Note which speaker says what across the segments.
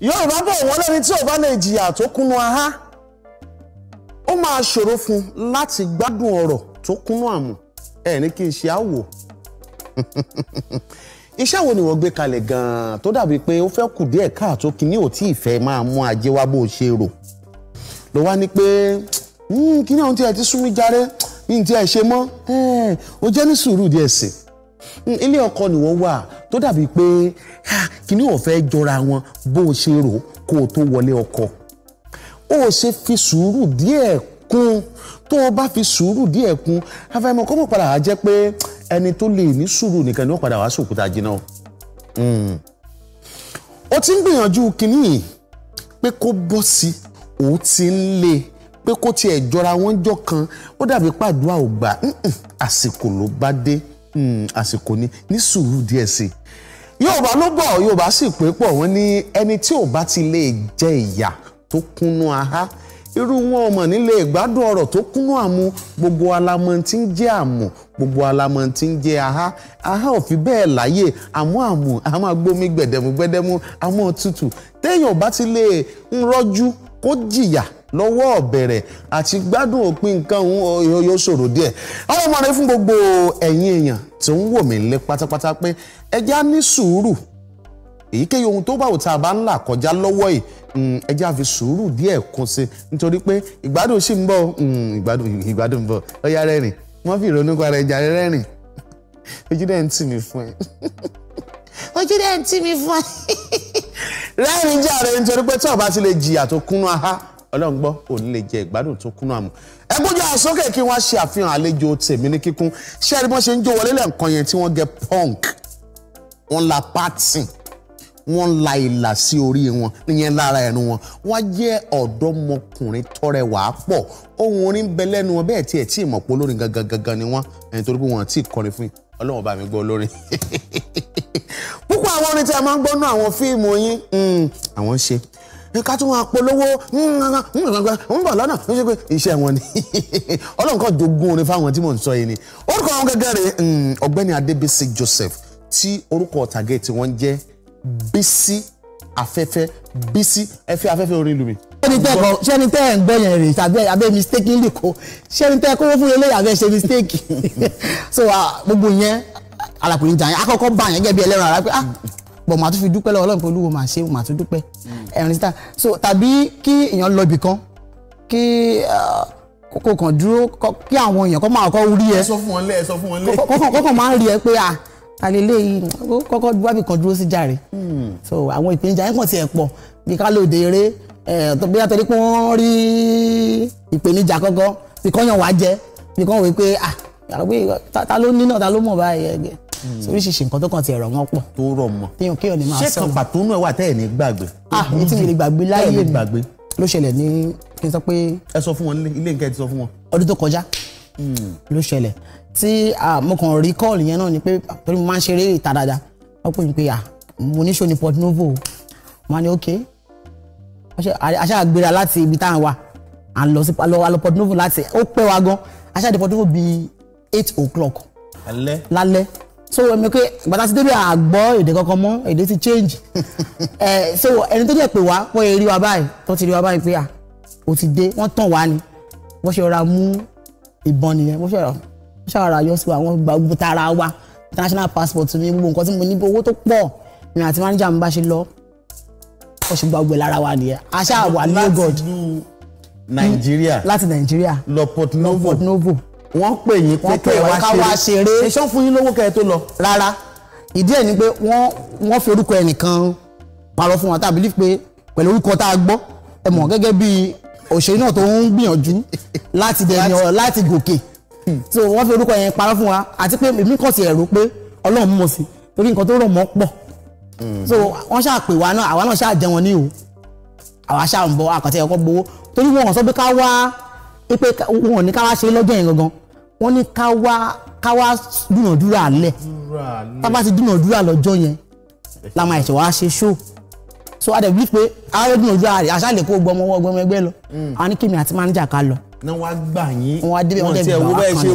Speaker 1: yorùbá bọ̀ wọ́n lẹ́ni tí ò bá lè jìyà tó kúnnú ahá ó máa ṣòro fún láti gbádùn ọ̀rọ̀ tó kúnnú àmù ẹ̀ ní kí n ṣe àwò iṣẹ́ wo ni wọ́n gbé kalẹ̀ gan-an tó dàbí pé ó fẹ́ kù díẹ̀ káàtó kìíní ò tí ì fẹ́ máa mú ajé wá bó ṣe rò ló wá ní pé hmm, kìíní àwọn tí ẹ ti sún mi jàre ní ti ẹ ṣe mọ́ ó jẹ́ ní sùúrù díẹ̀ sí hmm, ilé ọkọ ni wọ́n wà tó dàbí pé kíní ò fẹ́ jọra wọn bó o ṣe rò kó o tó wọlé ọkọ ó ṣe fi sùúrù díẹ̀ kún tó o bá fi sùúrù díẹ̀ kún afẹ́mọ́ kọ́mọ̀ padà á jẹ́ pé ẹni tó lè ní sùúrù nìkan ni ó padà wá sòkúta jiná o hmm. ti ń gbìyànjú kíní pé kó bọ́ sí òun ti ń lé pé kó tiẹ̀ jọra wọn jọ kan ó dàbí pàdúrà ò gbà hmm, hmm, àsìkò ló bá dé Hmm, àsìkò ni ní sùúrù díẹ̀ sí i yorùbá ló bọ̀ yorùbá sì pé pọ̀ wọ́n ní ẹni tí ò bá ti lè jẹ ìyà tó kúnnú ahá irú wọn ọmọ nílé ìgbádùn ọ̀rọ̀ tó kúnnú àmú gbogbo alamọ tí ń jẹ àmù gbogbo alamọ tí ń jẹ ahá ahá ò fi bẹ́ẹ̀ láyè àmọ́ àmù a máa gbómi gbẹ̀dẹ̀mú gbẹ̀dẹ̀mú àmọ́ tútù téèyàn bá ti lè ń rọ́jú kó jìyà lọ́wọ́ ọ̀bẹ̀rẹ̀ àti gbádùn òpin nǹkan òun yóò ṣòro díẹ̀. àwọn ọmọ rẹ fún gbogbo ẹ̀yin èèyàn tó ń wò mí lé pátápátá pé ẹja ní sùúrù èyíkéyìí ohun tó bá tá a bá ń là kọjá lọ́wọ́ yìí mm, sùúrù díẹ̀ kún sí nítorí pé ìgbádùn sì ń bọ̀ mm, ìgbádùn ìgbádùn bọ̀ rẹ́rìn wọ́n fi ìrònú ẹja rẹ́rìn ojú dẹ́ ń tì mí fún ọlọ́run gbọ́ òní lè jẹ ìgbádùn tó kúnnú àmọ́. ẹ gbójú àsókè kí wọ́n ṣe àfihàn àlejò tèmi ní kíkún ṣé ẹni bọ́n ṣe ń jó wọlé lẹ́ǹkan yẹn tí wọ́n gẹ punk wọ́n la pátì wọ́n la ìlà sí orí wọn níyẹn lára ẹnu wọn wọ́n jẹ́ ọ̀dọ́mọkùnrin tọrẹwà pọ̀ ohun orin bẹ lẹ́nu wọn bẹ́ẹ̀ tiẹ̀ tí ìmọ̀ pé olórin gangan gangan ni wọ́n ẹni torí pé wọ́n ti kọrin fún yín ọlọ́wọ́n bá mi gbọ́ olórin púpọ̀ àwọn orin tí a máa ń gbọ́ nú àwọn fíìmù yín hmm, àwọn ṣe ká tún máa polówó ń bọ̀ lọ́nà ó ṣe pé iṣẹ́ wọn ni ọlọ́run kan jogún orin fáwọn tí mò ń sọ yìí ni orúkọ àwọn gẹ́gẹ́ rẹ̀ ọ̀gbẹ́ni adébísí joseph tí orúkọ ọ̀tàgé tí wọ́n jẹ́ bísí afẹ́fẹ́
Speaker 2: bísí ẹfẹ́ afẹ́fẹ́ orin lumi. sẹ́ni tẹ́ ẹ̀ ń gbọ́ yẹn rè tàbí abẹ́ mistake ńlẹ̀ kó sẹ́ni tẹ́ kówó fún eléyà abẹ́ ṣe mistake so gbogbo yẹn alàpùpù níta yẹn akọ́kọ́ bá yẹn gẹ́gẹ́ bí ẹlẹ́ran ara pé ah bọ̀ màá tún fi dúpẹ́ lọ́wọ́ Ọlọ́run pé Olúwo màá ṣe màá tún dúpẹ́ ẹ̀rín síta so tàbí kí èèyàn lọ ibì kan kí uh, kò kàn dúró kí àwọn èèyàn kọ́ máa kọ́ rí ẹ sọ fún
Speaker 1: wọn lé sọ fún wọn lé kọ́kàn máa ń rí
Speaker 2: ẹ pé à àlelé yìí kọ́kọ́ wábì kan dúró sí jàre hmm. so àwọn ìpèníjà yẹn kàn tiẹ̀ pọ̀ bí ká lóde eré bóyá torí pé wọ́n rí ìpèníjà kọ́kọ́ bí kọ́yàn wá jẹ́ bí kọ́yàn wí pé à ta ló ní náà ta ló mọ̀ báyìí Mm. oríṣiríṣi nǹkan tó kàn ti ẹ̀rọ wọn pọ̀. tó rọ̀ mọ́ téèyàn kéèyàn ni máa sọ̀rọ̀. ṣé kan pàtó náà wà tẹ́ ní gbàgbé. ah mi ti lè gbàgbé láyé mi ló ṣẹlẹ̀ ní kí n sọ pé.
Speaker 1: ẹ sọ fún wọn ilé nǹkan ẹ ti sọ
Speaker 2: fún wọn. ọdún tó kọjá hmm. ló ṣẹlẹ̀ tí mo kàn rí kọ́ọ̀lù yẹn náà ni pé torí mo máa ń ṣeré ìta dáadáa wọ́n pè mí pé mo níṣó ni Port Novo mo ní ok aṣáà gbéra láti ibi táwọn wà à ń lọ sí lọ Port Novo láti ó pẹ́ wa gan aṣáà dé Port Novo bíi eight o'clock lálẹ́ so ẹ̀mí pé gbàtà sí débi àgbọ̀ èdè kankan mọ́ èdè ti change ẹ̀ eh, so ẹni tó jẹ́ pé wá wọ́n yẹ rí wa báyìí tó ti rí wa báyìí pé à ó ti dé wọ́n tàn wá ni wọ́n ṣe rọra mú ìbọn nìyẹn wọ́n ṣe rọra yọ sí wa wọ́n gba gbogbo tara wa international passport mi gbogbo nǹkan tí mo ní owó tó pọ̀ ní àti manager mi bá ṣe lọ ó ṣe gbàgbé lára wa nìyẹn àṣà wà ní god. láti nàìjíríà hmm, lọ Port Novo wọ́n pè yín pé kẹ́ ẹ wá ṣeré ṣéṣán fún yín lówó kẹ́ tó lọ. rárá ìdí ẹ̀ ni pé wọ́n wọ́n fi orúkọ ẹnìkan parọ́ fún wa tá pé pẹ̀lú orúkọ tá a gbọ́ ẹ mọ̀ gẹ́gẹ́ bí òṣèré náà tó ń gbìyànjú láti dẹ̀yìn ọ̀rọ̀ láti gòkè so wọ́n fi orúkọ yẹn parọ́ fún wa àti pé èmi kàn ti ẹ̀rù pé ọlọ́run mọ̀ sí torí nǹkan tó rọ̀ mọ́ pọ̀ mm. so wọ́n ṣáà pè wá náà àwa náà ṣáà jẹun ní o àwa ṣáà ń bọ̀ àkàtà ẹ̀kọ́ gbowó torí wọn sọ pé ká wá pé wọn ò ní ká wá ṣe lọ́jọ́ yẹn gangan wọ́n ní ká wá ká wá dúnàdúrà lẹ̀ tá bá ti dúnàdúrà lọ́jọ́ yẹn la máa ṣe wá ṣe show so a dẹ̀ bí pé àwọn dúnàdúrà rẹ̀ àṣà lè kó gbọmọ ọwọ́ gbọmọ ẹgbẹ́ lọ àwọn mm. ní kíni àti máníjà ká lọ. náà wàá gbà yín wọn débẹ̀ wọn débẹ̀ wọn kàn lẹ̀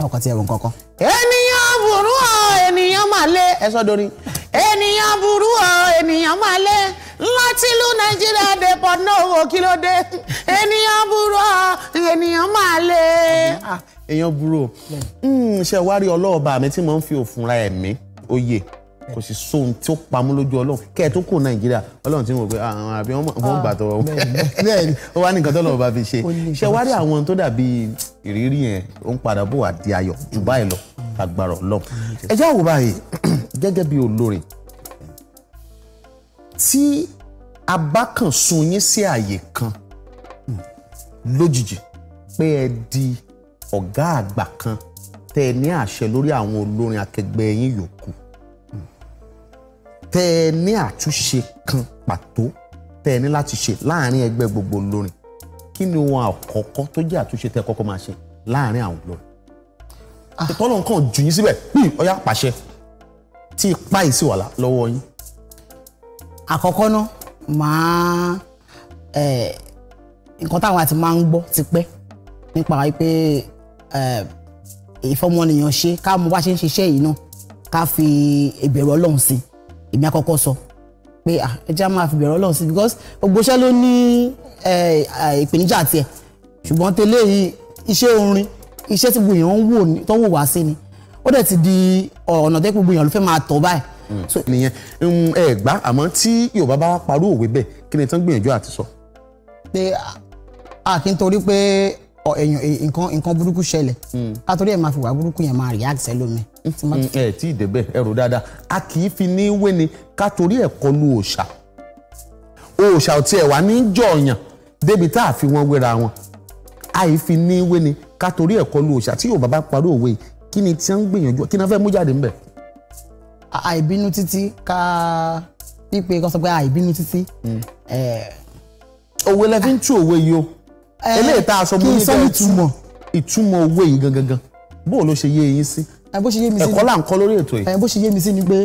Speaker 2: wọn ti ẹ̀wọ̀n kankan. ènìyàn burú ọ ènìyàn máa lé ẹ sọ dorin ènìyàn burú ọ ènìyàn máa lé láti ìlú nàìjíríà dé port novo kí ló dé ènìyàn burú ènìyàn máa lé. Ah,
Speaker 1: èèyàn burú hmm, ṣe wá rí ọlọ́ọ̀bà mi tí mo ń fi òfin ra ẹ̀mí oyè kò sì sóhun tí ó pamọ́ lójú ọlọ́run kẹ́ ẹ̀ tó kù nàìjíríà ọlọ́run ti ń wò pé àwọn ah, àbí wọ́n ah, gbà tọrọ ó wá nìkan tọ́lọ́run bá fi ṣe ṣe wá rí àwọn tó dàbí ìrírí yẹn ó ń padà bọ̀ wá di ayọ̀ jù báyìí lọ agbára ọlọ́run ẹ jẹ́ àwòrán gẹ́gẹ́ bí olórin tí a bá kàn sun yín sí àyè kan hmm, lójijì pé ẹ di ọ̀gá àgbà kan tẹ́ ẹ ní àṣẹ lórí àwọn olórin akẹgbẹ́ yín yòókù hmm, tẹ́ ẹ ní àtúnṣe kan pàtó tẹ́ ẹ ní láti ṣe láàrin ẹgbẹ́ gbogbo olórin kí ni ohun àkọ́kọ́ tó jẹ́ àtúnṣe tẹ́ ẹ kọ́kọ́ máa ṣe láàrin àwọn olórin ah. ìtọ́lọ́ nǹkan jù yín síbẹ̀ ọ̀yá
Speaker 2: pàṣẹ tí ipa yìí sì wà lọ́wọ́ yín àkọ́kọ́ náà máa nǹkan táwọn àti máa ń gbọ́ ti pẹ́ nípa wípé ìfọmọnìyàn ṣe ká mọ bá ṣe ń ṣiṣẹ́ yìí náà ká fi ìbẹ̀rù ọlọ́run sí èmi àkọ́kọ́ sọ pé ẹ jẹ́ máa fi ìbẹ̀rù ọlọ́run sí because gbogbo iṣẹ́ ló ní ìpèníjà tiẹ̀ ṣùgbọ́n tẹ́lẹ̀ yìí iṣẹ́ orin iṣẹ́ tí gbogbo èèyàn ń wò tó ń wò wá sí ni ó dẹ̀ ti di ọ̀nà tẹ́ gbogbo èèyàn ló fẹ́ máa tọ̀ báyìí Mm. so nìyẹn mm, ẹ gbá àmọ́ tí Yorùbá bá wá parú
Speaker 1: òwe bẹ́ẹ̀ kí ni tán gbìyànjú àti sọ.
Speaker 2: pé a kì í torí pé èèyàn nǹkan nǹkan burúkú ṣẹlẹ̀ mm. ká torí ẹ̀ máa fi wà burúkú yẹn máa react sẹ́lómi.
Speaker 1: ẹ tí ì débẹ̀ ẹ rò dáadáa a kì í fi ní wéni ká torí ẹ̀ kọlu òòṣà òòṣà ò tiẹ̀ wá ní jọ̀ọ̀yàn débi tá a fi wọn wéra wọn àìfi ní wéni ká torí ẹ̀ kọlu òòṣà tí Yorùbá bá parú òwe kí ni tí wọ́n gbìyànjú kí ni wọ́n fẹ́ mú jáde ńbẹ̀
Speaker 2: àìbínú títí ká pípe kan sọ pé àìbínú títí. Hmm.
Speaker 1: òwe lẹ fi ń tú òwe yìí o
Speaker 2: eléyìí tá a sọ mo ní kẹ́ ìtumọ̀ ìtumọ̀ òwe yìí gangan gan bó o ló ṣe yé eyín sí ẹ̀kọ́ là ń kọ́ lórí ètò yìí. bó ṣe yé mi sí ni pé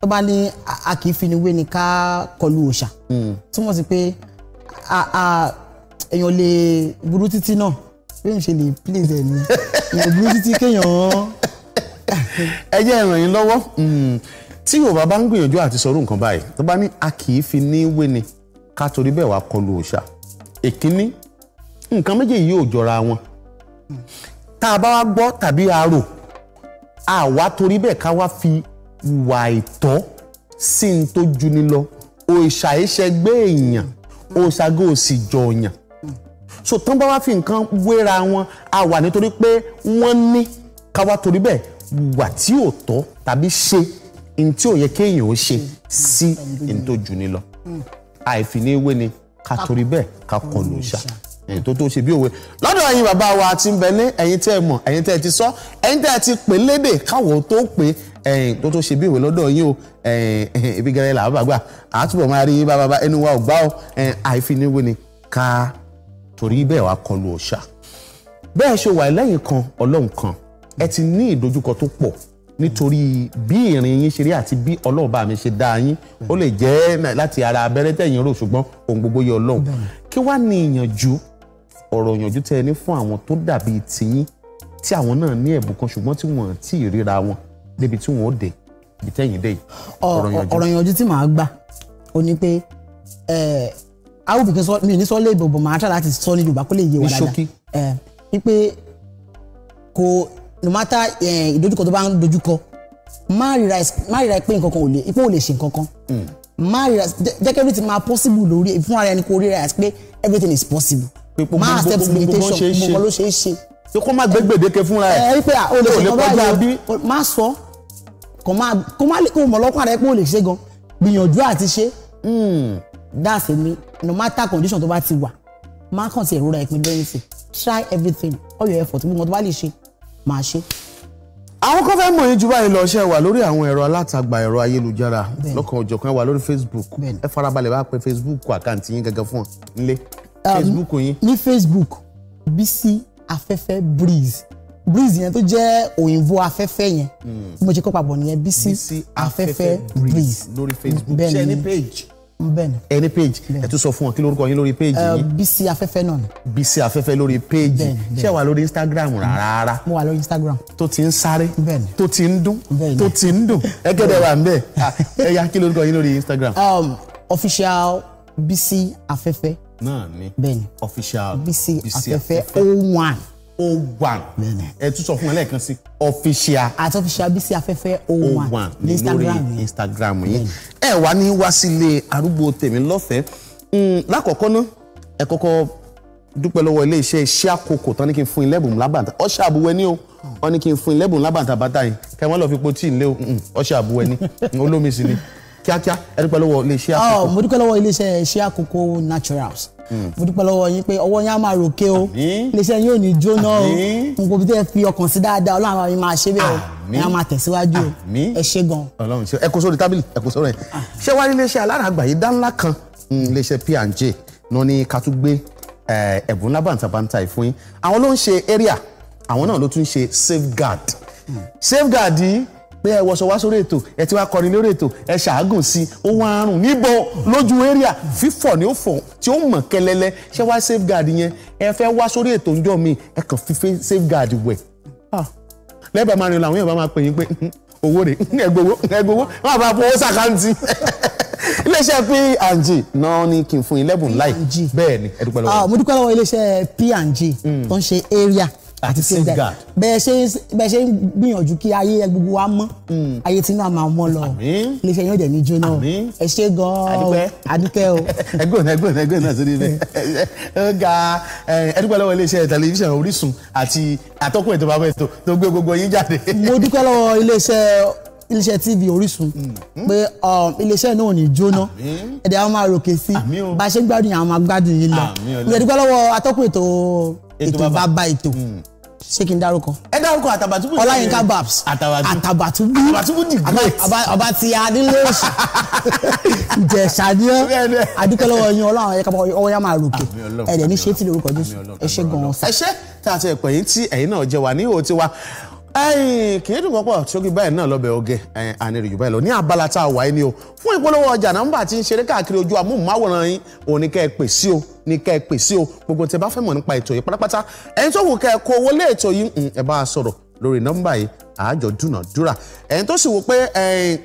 Speaker 2: tó bá ní a kì í finiwé ni ká kọlu òòṣà hmm. túmọ̀ sí pé èèyàn lè burú títí náà bí mo ṣe lè please ẹ̀ ní èèyàn burú títí kéèyàn ẹ jẹ́
Speaker 1: ràn yín lọ́wọ́ hmm, tí Yorùbá bá ń gbìyànjú àti sọ̀rọ̀ nǹkan báyìí tó bá ní a kì í fi ní wéni ká torí bẹ́ẹ̀ wá kọlu òòṣà èkíní nǹkan méjèèjì yóò jọra wọn tá a bá wá gbọ́ tàbí arò àwa torí bẹ́ẹ̀ ká wá fi wà ìtọ́ sí n tó juni lọ òòṣà ìṣẹ́gbẹ́ èèyàn òòṣà gò sì jọ̀ọ̀yàn so tán bá wá fi nǹkan wéra wọn a wà nítorí pé wọ́n ní ká wá torí bẹ́ẹ̀ wà tí ò tọ́ tàbí ṣe n tí ò yẹ kéèyàn ó ṣe mm. sí n tó jù mm. ní lọ àìfiníwé ni ká torí bẹ́ẹ̀ ká kọlù òòṣà ẹ̀yìn tó tó ṣe bí òwe lọ́dọ̀ ẹ̀yin bàbá wa ti ń bẹ ní ẹ̀yin tẹ́ ẹ mọ̀ ẹ̀yin tẹ́ ẹ ti sọ ẹ̀yin tẹ́ ẹ ti pè lédè káwọ́ tó pè ẹ̀yin tó tó ṣe bí òwe lọ́dọ̀ yín o ẹ̀yin ibi gẹ́rẹ́ làwọn bàgbà àtúbọ̀ máa rí yín bàbá ẹnu wa ò gbá o àìfiníwé ni ká torí bẹ́ẹ̀ wá kọlù òòṣà bẹ́ẹ̀ ṣe wà lẹ́yìn kan ọlọ́run kan ẹ ti ní ìdojúkọ tó pọ̀ nítorí bí ìrìn yín ṣe rí àti bí ọlọ́run bá mi ṣe dá yín ó lè jẹ́ láti ara abẹ́rẹ́ tẹ̀yìn rò ṣùgbọ́n ohun gbogbo yẹ ọlọ́run kí wàá ní ìyànjú ọ̀rọ̀ ìyànjú tẹ́ ẹ ní fún àwọn tó dàbí tiyín tí àwọn náà ní ẹ̀bùn kan ṣùgbọ́n tí wọ́n ti ríra wọn débi tí wọ́n ó dé ibi tẹ́yìn dé yìí
Speaker 2: ìyànjú tí màá gbà ó ní pé áwùbìkín mi ní sọ́lé ìbòbò màá tà láti sọ ní Yorùbá kó lè yé wa dáadáa ní ṣókí no matter eh, ìdojúkọ tó bá ń dojúkọ má rira má rira pé nǹkan kan ò lè ipò ò lè ṣe nǹkan kan hmm. má rira jẹ́ kí everything máa possible lórí fún ara ẹni kó rira pé everything is possible má accept limitation gbogbo ló ṣe é ṣe. ṣé kó má gbé gbèdéke
Speaker 1: fúnra ẹ ẹ eh, pé ah, o lè ṣe kan báyìí
Speaker 2: má sọ kò má kò má lè kó mọ̀ lọ́kàn rẹ pé o lè ṣe gan gbìyànjú àti ṣe hmm. that's me no matter condition tó bá ti wà má kàn sí èrò rẹ ìpínlẹ̀ yìí try everything all your effort gbogbo tó bá lè ṣe máa ṣe. àwọn kan fẹ́ mọ̀ yín jù báyìí lọ ṣe
Speaker 1: wà lórí àwọn ẹ̀rọ alátagbà ẹ̀rọ ayélujára lọ́kàn òjọ̀kan wà lórí facebook ẹ farabalẹ̀ bá pe facebook àkáǹtì yín gangan fún ọ nílé um,
Speaker 2: facebook yín. ní facebook bísí afẹ́fẹ́ breeze breeze yẹn tó jẹ́ òyìnbó afẹ́fẹ́ yẹn hmm. mo ṣe kó papọ̀ nìyẹn bísí afẹ́fẹ́ breeze
Speaker 1: lórí facebook ṣe ní page ẹ ní page ẹ tún sọ fún wọn kí lórúkọ yín lórí page yín.
Speaker 2: Bísí Afẹ́fẹ́ náà ni.
Speaker 1: Bísí Afẹ́fẹ́ lórí page ṣé wà lórí Instagram rárá.
Speaker 2: mo wà lórí Instagram. tó ti ń sáré tó ti ń dún tó
Speaker 1: ti ń dùn ẹ kẹ́dẹ̀ wà ń bẹ̀ ẹ yá kí lórúkọ yín lórí Instagram.
Speaker 2: Um, official Bísí Afẹ́fẹ́ náà ni. bẹ́ẹ̀ni official bisi afẹ́fẹ́ o one o one ẹ tún sọ fún ẹ lẹ́ẹ̀kan sí official at official bísí afẹ́fẹ́ o
Speaker 1: one ní instagram instagram yìí ẹ wá ní wá sílé arúgbó tèmi lọ́fẹ̀ẹ́ hmm, lákọ̀ọ́kọ́ náà ẹ kọ́kọ́ dúpẹ́ lọ́wọ́ ilé iṣẹ́ iṣẹ́ àkókò tán ní kí n fún ilẹ́bùn lábàtà ọṣẹ àbúwẹ́ ní o wọ́n ní kí n fún ilẹ́bùn lábàtà bàtà yìí kẹ́ wọ́n lọ fi po tíì lé o hmm, ọṣẹ àbúwẹ́ ní olómi sí ni kíákíá ẹ dúpẹ́ lọ́wọ́ iléeṣẹ́ àkókò. ọ oh,
Speaker 2: mo dúpẹ́ lọ́wọ́ iléeṣẹ́ ṣé àkókò naturals hmm. mo dúpẹ́ lọ́wọ́ yín pé ọwọ́ yín á máa ròkè o iléeṣẹ́ yín ò ní jóná o nǹkan bí tẹ́ ẹ fi ọkàn sí dáadáa ọlọ́run àwọn yín máa ṣe bẹ́ẹ̀ o ní a máa tẹ̀síwájú o ẹ ṣe gan. ọlọ́run ṣe ẹ kó sórí tábìlì ẹ kó sọ̀rọ̀ yẹn ṣé wàá rí iléeṣẹ́ alárààgbà yìí dá ńlá kan
Speaker 1: hmm, iléeṣẹ́ P&J náà ní ká tún gbé eh, ẹ̀bùn ńlá bàǹtàbàǹtà yìí fún yín àwọn ló ń ṣe area àwọn náà ló tún ṣe safeguard hmm. safeguard yìí pé ẹ wọṣọ wá sórí ètò ẹ ti wá kọrin lórí ètò ẹ ṣàágùn sí ohun àrùn níbo lójú area fífọ̀ ni ó fọ̀ tí ó mọ̀ kẹlẹlẹ ṣé wá safeguard yẹn ẹ fẹ́ wá sórí ètò ńjọ́ mi ẹ kàn fi safeguard wẹ̀ ah. lẹ́bàá máa rìn làwọn yẹn bá máa pè yín pé owó rè ẹgbowó ẹgbowó
Speaker 2: wọn bá fowó sàkáǹtì
Speaker 1: iléeṣẹ́ P&G náà ni kí n fún yín lẹ́bùn láì bẹ́ẹ̀ ni ẹ dúpẹ́ lọ́wọ́.
Speaker 2: Ah, mo dúpẹ́ lọ́wọ́ iléeṣẹ́ P&G hmm. tó ń ṣe area àti safeguard bẹ́ẹ̀ ṣe bẹ́ẹ̀ ṣe ń gbìyànjú kí ayé gbogbo wa mọ́ hmm. ayé tí náà máa mọ́ lọ iléeṣẹ́ yóò dẹ̀ ní jóná ẹ ṣe gan-an adúpẹ́ o. ẹgbẹ́ òun ẹgbẹ́ òun ẹgbẹ́ òun náà sórí ibẹ̀ ó ga ẹdúpẹ́ lọ́wọ́ iléeṣẹ́ tẹlifíṣàn Orísun àti àtọ́kùn ètò bàbá ètò tó gbé gbogbo yín jáde. mo dúpẹ́ lọ́wọ́ iléeṣẹ́ iléeṣẹ́ tv Orísun hmm. pé iléeṣẹ́ náà ò ní jóná ẹ̀dẹ̀ àwọn máa ròkè sí bá a ṣe gbádùn yẹn àwọn máa gbádùn yín lọ mo dúpẹ́ lọ́wọ́ atọ́kùn ètò ètò bàbá ètò hmm. ṣé kí n dárúkọ. ẹ dárúkọ àtàbàtúbù. ọláyínká babs àtàbàtúbù àtàbàtúbù the great. ọba ti adílé òsì ìjẹ̀ṣà ni ọ́ adúpẹ́ lọ́wọ́ yín ọlọ́run ẹ̀ka ọwọ́ yá máa ròkè ẹ̀rẹ̀ ní ṣé tí lórúkọ jésù ẹ ṣé gan-an. ẹ ṣé tá
Speaker 1: a ti ẹ̀pẹ̀ yín tí ẹ̀yin náà jẹ́ wa ní òótí wa kì í dùn pọ́pọ́ sórí báyìí náà lọ́bẹ̀ oge àníri jù báyìí lọ ní abala tá a wà ní o fún ìpolówó ọjà nọ́mbà tí ń ṣeré káàkiri ojú amóhùnmáwòrán yín òun ni kẹ́ ẹ pè sí o ni kẹ́ ẹ pè sí o gbogbo tẹ́ bá fẹ́ mọ̀ nípa ètò yìí pátápátá ẹni tó wù kẹ́ ẹ kó owó lé ètò yìí ẹ bá a sọ̀rọ̀ lórí nọ́mbà yìí àájọ dúnàdúrà ẹni tó sì wò pé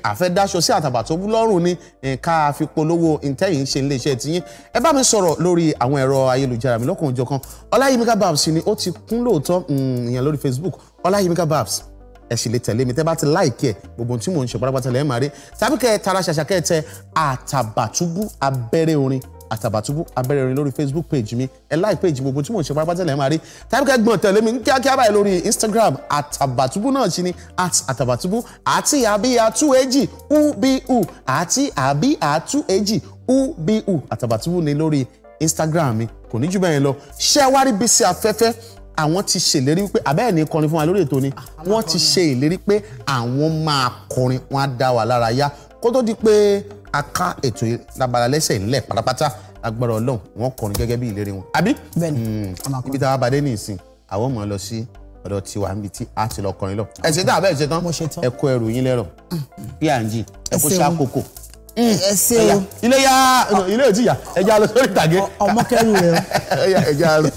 Speaker 1: àfẹ́dáṣọ sí àtàbà tó bú lọ́rùn ni ká fi polówó ntẹ́yìn ṣe iléeṣẹ́ tiyín ẹ bá mi sọ̀rọ̀ lórí àwọn ẹ̀rọ ayélujára mi lọ́kùnrin jọ̀kan ọláyímíkà babs ni ó ti kún lóòótọ́ mm, ìyẹn lórí Facebook ọláyímíkà babs ẹ sì lè tẹ̀lé mi tẹ́ bá ti láìkí ẹ̀ gbogbo tí mò ń ṣe pátápátá lẹ́yìn máa rí tàbí kẹ́ tara ṣàṣà kẹ́ tẹ àtàbàtúbú abẹ́rẹ́ orin àtàbàtúbú abẹ́rẹ́ orin lórí facebook page mi ẹ like page gbogbo tí mò ń ṣe pátápátá lẹ́yìn máa rí tàbí kẹ́ gbọ̀n tẹ̀lé mi ní kíákíá báyìí lórí instagram àtàbàtúbú náà ṣì ni at àtàbàtúbú àti àbí àtú èjì ubu àti àbí àtú èjì ubu àtàbàtúbú ni lórí instagram mi kò ní jù bẹ́ẹ̀ lọ ṣẹ́ wárí bí sí afẹ́fẹ́ àwọn ti ṣèlérí wípé àbẹ́ẹ̀ ní kọrin fún wa lórí ètò ni ah, wọ́n ti ṣe ìlérí pé àwọn máa kọrin wọn á dá wa lára yá kó tó di pé a ká ètò labala lẹ́sẹ̀ ńlẹ̀ pátápátá agbára ọlọ́run wọ́n kọrin gẹ́gẹ́ bí ìlérí wọn àbí hmm, ibi tá a bá dé ní ìsìn àwọn mọ̀ ọ́ lọ sí ọ̀dọ̀ tiwa níbi tí a ti lọ kọrin lọ ẹ ṣe tán àbẹ́ẹ̀ ṣe tán ẹ kó ẹrù yín lẹ́rọ̀ png ẹ kó ṣàkókò ẹ hmm, ṣe o ilé yá ah. ilé òtí yá ẹ já lọ sórí ìtàgé ọmọkẹ́rù rẹ o ẹ já lọ.